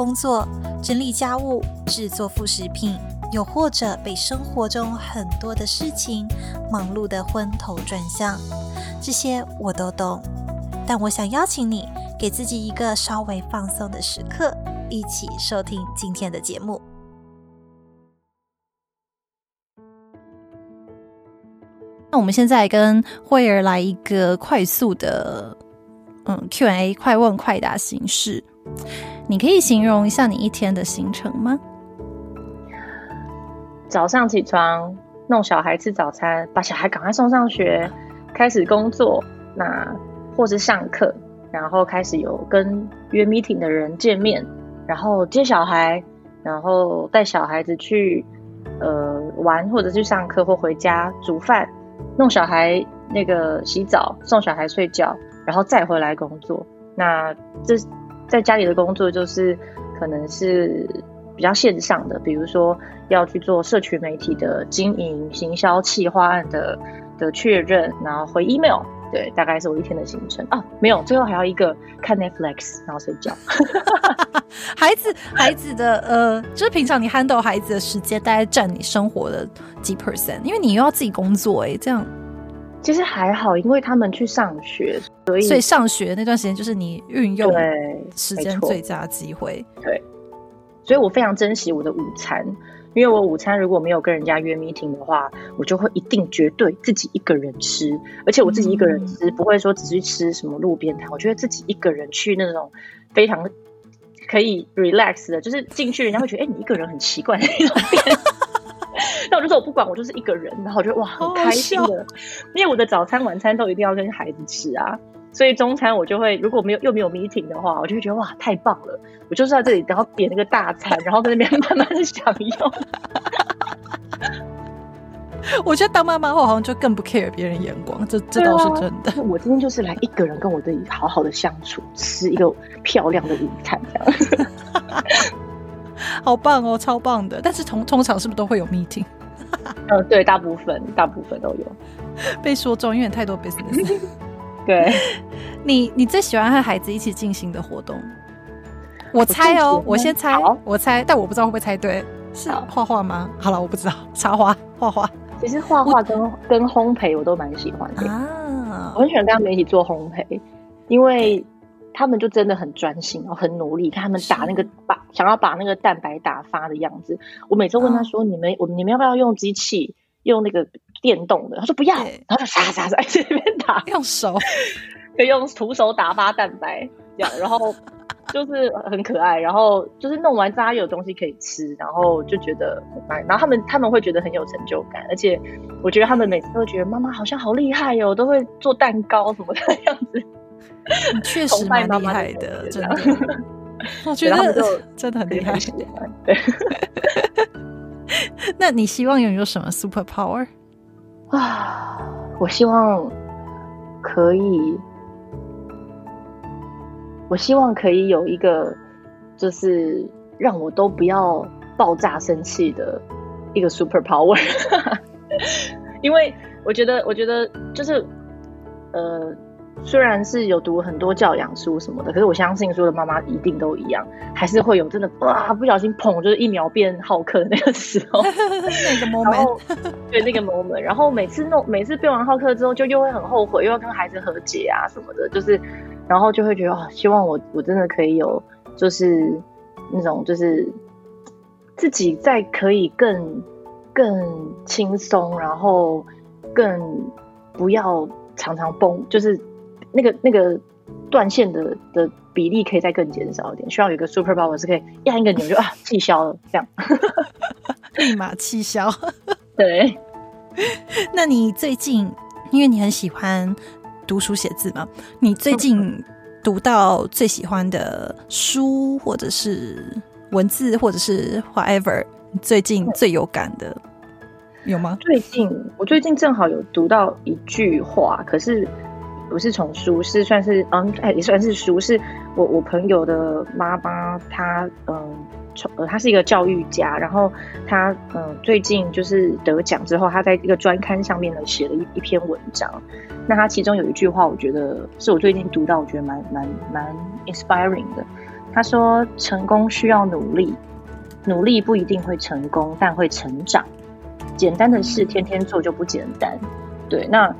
工作、整理家務、製作副食品，又或者被生活中很多的事情忙碌的昏頭轉向，這些我都懂。但我想邀請你，給自己一個稍微放鬆的時刻，一起收聽今天的節目。那我們現在跟 Where 來一個快速的，嗯，Q&A，快問快答形式。你可以形容一下你一天的行程嗎？早上起床，弄小孩吃早餐，把小孩趕快送上學，開始工作，那或是上課，然後開始有跟約 meeting 的人見面，然後接小孩，然後帶小孩子去呃玩，或者去上課，或回家煮飯，弄小孩那個洗澡，送小孩睡覺，然後再回來工作。那這。在家裡的工作就是可能是比較線上的，比如說要去做社群媒體的經營、行銷企劃案的的確認，然後回 email。對，大概是我一天的行程啊，沒有，最後還要一個看 Netflix，然後睡覺。 孩子，孩子的呃，就是平常你 handle 孩子的時間大概佔你生活的幾 percent？因為你又要自己工作哎、欸，這樣。其實還好，因為他們去上學，所以，所以上學那段時間就是你運用的時間對最佳機會。對，所以我非常珍惜我的午餐，因為我午餐如果沒有跟人家約 meeting 的話，我就會一定絕對自己一個人吃，而且我自己一個人吃、嗯、不會說只是吃什麼路邊攤，我覺得自己一個人去那種非常可以 relax 的，就是進去人家會覺得哎、欸，你一個人很奇怪那。 但我就說我不管，我就是一個人，然後覺得哇很開心的，oh, 因為我的早餐、晚餐都一定要跟孩子吃啊，所以中餐我就會如果沒有又沒有 meeting 的話，我就會覺得哇太棒了，我就是在這裡，然後點一個大餐，然後在那邊慢慢享用。 我覺得當媽媽後好像就更不 care 別人眼光，這、啊、這倒是真的。我今天就是來一個人跟我自己好好的相處，吃一個漂亮的午餐，這樣。 好棒哦，超棒的！但是通通常是不是都會有 meeting？嗯、呃，對，大部分大部分都有被說中，因為太多 business。 對你，你最喜歡和孩子一起進行的活動？我猜哦，我，我先猜，我猜，但我不知道會不會猜對，是畫畫嗎？好了，我不知道，插花、畫畫，其實畫畫跟跟烘焙我都蠻喜歡的啊，我很喜歡跟他們一起做烘焙，因為，他們就真的很專心，然後很努力，看他們打那個把，想要把那個蛋白打發的樣子。我每次問他說：“啊、你們，我你們要不要用機器，用那個電動的？”他說：“不要。”欸然後就傻傻，傻，傻在這邊打，用手可以 用徒手打發蛋白這樣，然後就是很可愛，然後就是弄完渣有東西可以吃，然後就覺得很愛。然後他們他們會覺得很有成就感，而且我覺得他們每次都覺得媽媽好像好厲害喲、哦，都會做蛋糕什麼的樣子。確實蠻厲害的，的啊、真的、啊。我覺得、啊、真的很厲害。 那你希望擁有什麼 super power 啊？我希望可以，我希望可以有一個，就是讓我都不要爆炸生氣的一個 super power。 因為我覺得，我覺得就是呃。雖然是有讀很多教養書什麼的，可是我相信所有的媽媽一定都一樣，還是會有真的哇，不小心捧就是一秒變浩克的那個時候， 那個 moment，然後對那個 moment，然後每次弄，每次變完浩克之後，就又會很後悔，又要跟孩子和解啊什麼的，就是，然後就會覺得啊、哦，希望我我真的可以有，就是那種就是自己在可以更更輕鬆，然後更不要常常崩，就是。那個那個斷線的的比例可以再更減少一點，需要有一個 super power 是可以按一個鈕就啊氣 消了，這樣立 馬氣氣消。 對，那你最近，因為你很喜歡讀書寫字嘛，你最近讀到最喜歡的書或者是文字或者是 whatever，最近最有感的有嗎？最近我最近正好有讀到一句話，可是。不是從書，是算是嗯，哎，也算是書，是我我朋友的媽媽她，嗯從、呃、她是一個教育家，然後她嗯最近就是得獎之後，她在一個專刊上面呢寫了一一篇文章。那她其中有一句話，我覺得是我最近讀到，我覺得蠻蠻蠻 inspiring 的。她說：“成功需要努力，努力不一定會成功，但會成長。簡單的事天天做就不簡單。”對，那。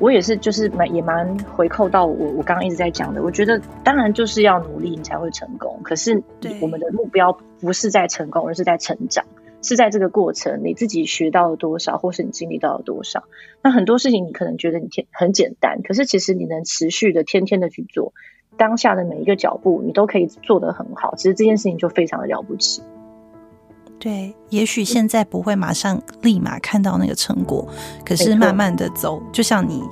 我也是，就是蠻也蠻回扣到我，我剛剛一直在講的。我覺得當然就是要努力，你才會成功。可是我們的目標不是在成功，而是在成長，是在這個過程你自己學到了多少，或是你經歷到了多少。那很多事情你可能覺得你天很簡單，可是其實你能持續的天天的去做，當下的每一個腳步你都可以做得很好。其實這件事情就非常的了不起。對，也許現在不會馬上立馬看到那個成果，可是慢慢的走，就像你，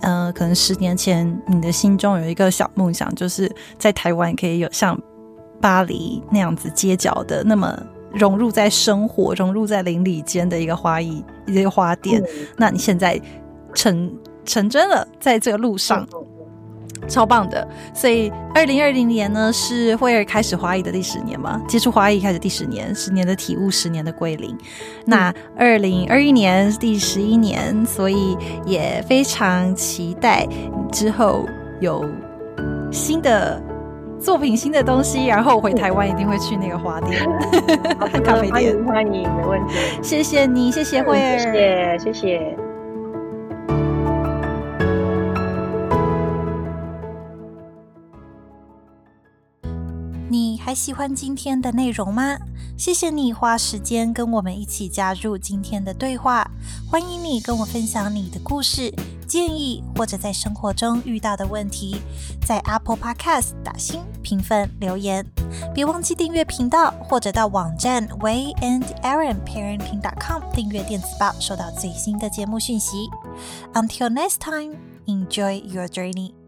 呃，可能十年前你的心中有一個小夢想，就是在台灣可以有像巴黎那樣子街角的那麼融入在生活、融入在鄰里間的一個花藝、一個花店，嗯，那你現在成成真了，在這個路上。嗯超棒的！所以二零二零年呢，是 Where 開始花藝的第十年嘛，接觸花藝開始第十年，十年的體悟，十年的歸零。那二零二一年第十一年，所以也非常期待你之後有新的作品、新的東西。然後回台灣一定會去那個花店、嗯、 好的咖啡店。歡迎歡迎，沒問題。謝謝你，謝謝 Where，謝謝。謝謝你還喜歡今天的內容嗎？謝謝你花時間跟我們一起加入今天的對話。歡迎你跟我分享你的故事、建議或者在生活中遇到的問題，在 Apple Podcast 打星評分留言。別忘記訂閱頻道或者到網站 WeiandErinParenting.com 訂閱電子報，收到最新的節目訊息。Until next time, enjoy your journey.